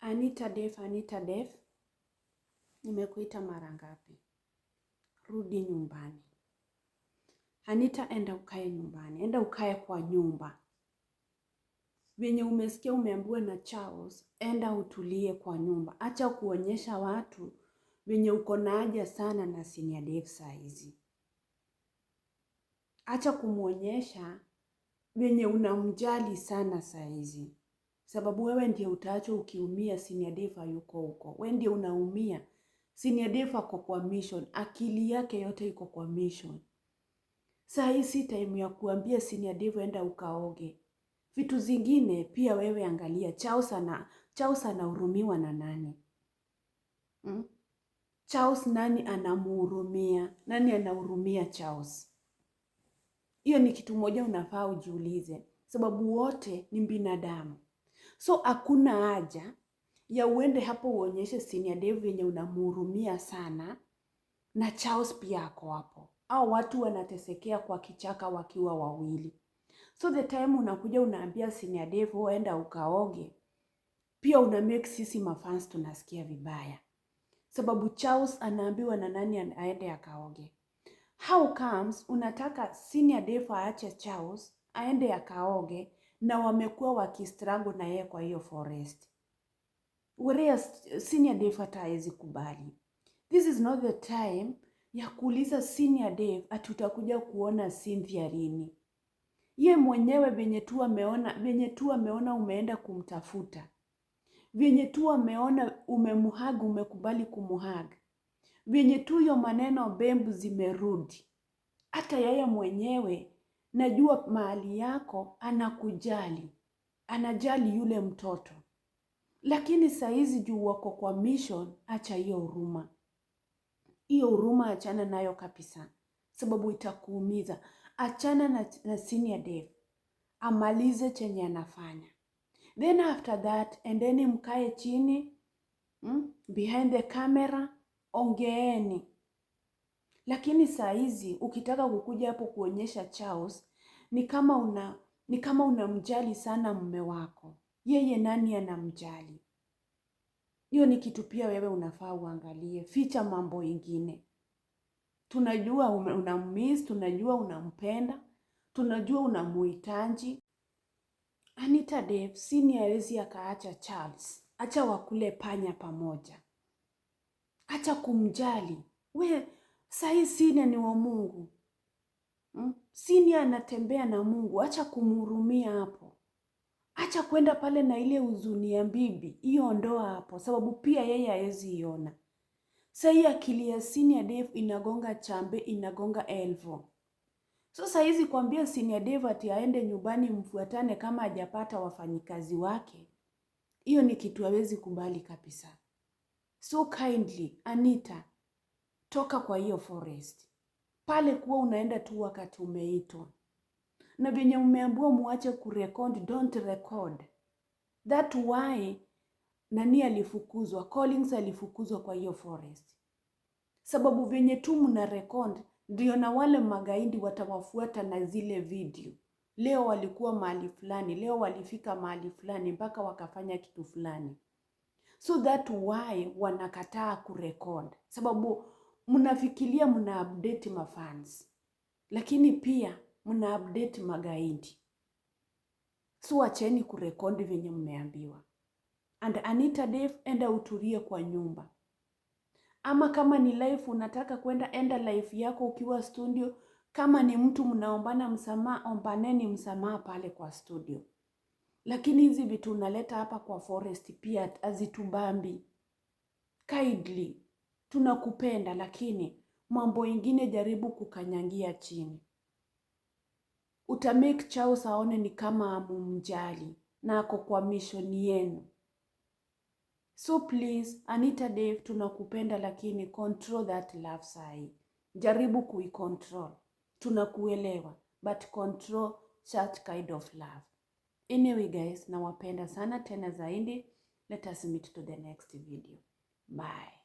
Anita Dev, Anita Dev, nimekuita mara ngapi? Rudi nyumbani. Anita, enda ukae nyumbani, enda ukae kwa nyumba venye umesikia umeambiwa na Charles, enda utulie kwa nyumba. Acha kuonyesha watu venye uko na haja sana na senior Dev saa hizi. Acha kumwonyesha venye unamjali sana saa hizi sababu wewe ndiye utaacho ukiumia. Senior Dave yuko huko, wewe ndiye unaumia. Senior Dave kwa kwa mission, akili yake yote iko kwa mission. Saa hii si time ya kuambia Senior Dave enda ukaoge. Vitu zingine pia wewe angalia, sana chao sana anahurumiwa na nani? Hmm? Charles nani anamuhurumia? Nani anahurumia Charles? Hiyo ni kitu moja unafaa ujiulize, sababu wote ni binadamu. So hakuna haja ya uende hapo uonyeshe senior Dev yenye unamhurumia sana, na Charles pia ako hapo. Au watu wanatesekea kwa kichaka wakiwa wawili, so the time unakuja unaambia senior Dev uenda oh, ukaoge, pia una make sisi mafans tunasikia vibaya, sababu Charles anaambiwa na nani aende akaoge. How comes unataka senior Dev aache Charles aende akaoge na wamekuwa wakistruggle na yeye kwa hiyo forest. Urea senior Dev hata hawezi kubali. This is not the time ya kuuliza senior Dev ati utakuja kuona Cynthia lini. Ye mwenyewe venye tu ameona, venye tu ameona umeenda kumtafuta, venye tu ameona umemuhaga, umekubali kumuhaga, venye tu hiyo maneno bembu zimerudi, hata yeye mwenyewe najua mahali yako, anakujali, anajali yule mtoto. Lakini saizi juu wako kwa mission, acha hiyo huruma. Hiyo huruma achana nayo kabisa, sababu itakuumiza. Achana na, na senior dev amalize chenye anafanya, then after that endeni, mkae chini mm, behind the camera ongeeni lakini saa hizi ukitaka kukuja hapo kuonyesha Charles ni kama una ni kama unamjali sana mume wako. Yeye nani anamjali? Hiyo ni kitu pia wewe unafaa uangalie, ficha mambo ingine. Tunajua unammiss, tunajua unampenda, tunajua unamuhitaji. Anita Devsini hawezi akaacha Charles. Acha wakule panya pamoja, acha kumjali wewe. Sahii Sinia ni wa Mungu hmm? Sinia anatembea na Mungu, acha kumhurumia hapo, acha kwenda pale na ile huzuni ya bibi, hiyo ondoa hapo, sababu pia yeye hawezi iona. Sahii akili ya Sinia Dave inagonga chambe, inagonga elvo. So sahizi kuambia Sinia Dave ati aende nyumbani mfuatane kama hajapata wafanyikazi wake, hiyo ni kitu hawezi kubali kabisa. So kindly Anita, toka kwa hiyo forest pale, kuwa unaenda tu wakati umeitwa na venye umeambiwa muache kurekod, don't record. That why nani alifukuzwa, Collins alifukuzwa kwa hiyo forest, sababu venye tu mna record ndio na wale magaidi watawafuata na zile video. Leo walikuwa mahali fulani, leo walifika mahali fulani mpaka wakafanya kitu fulani, so that why wanakataa kurekod sababu mnafikiria mna update mafans, lakini pia mna update magaidi. So acheni kurekodi venye mmeambiwa, and Anita Dave, enda utulie kwa nyumba, ama kama ni life unataka kwenda, enda life yako ukiwa studio. Kama ni mtu mnaombana msamaha, ombaneni msamaha pale kwa studio, lakini hizi vitu unaleta hapa kwa forest pia hazitubambi kindly tunakupenda, lakini mambo ingine jaribu kukanyangia chini. Uta make Charles aone ni kama mumjali na ako kwa mishoni yenu. So please Anita Dave, tunakupenda lakini control that love sahi, jaribu kuicontrol. Tunakuelewa but control such kind of love. Anyway guys, nawapenda sana tena zaidi. Let us meet to the next video. Bye.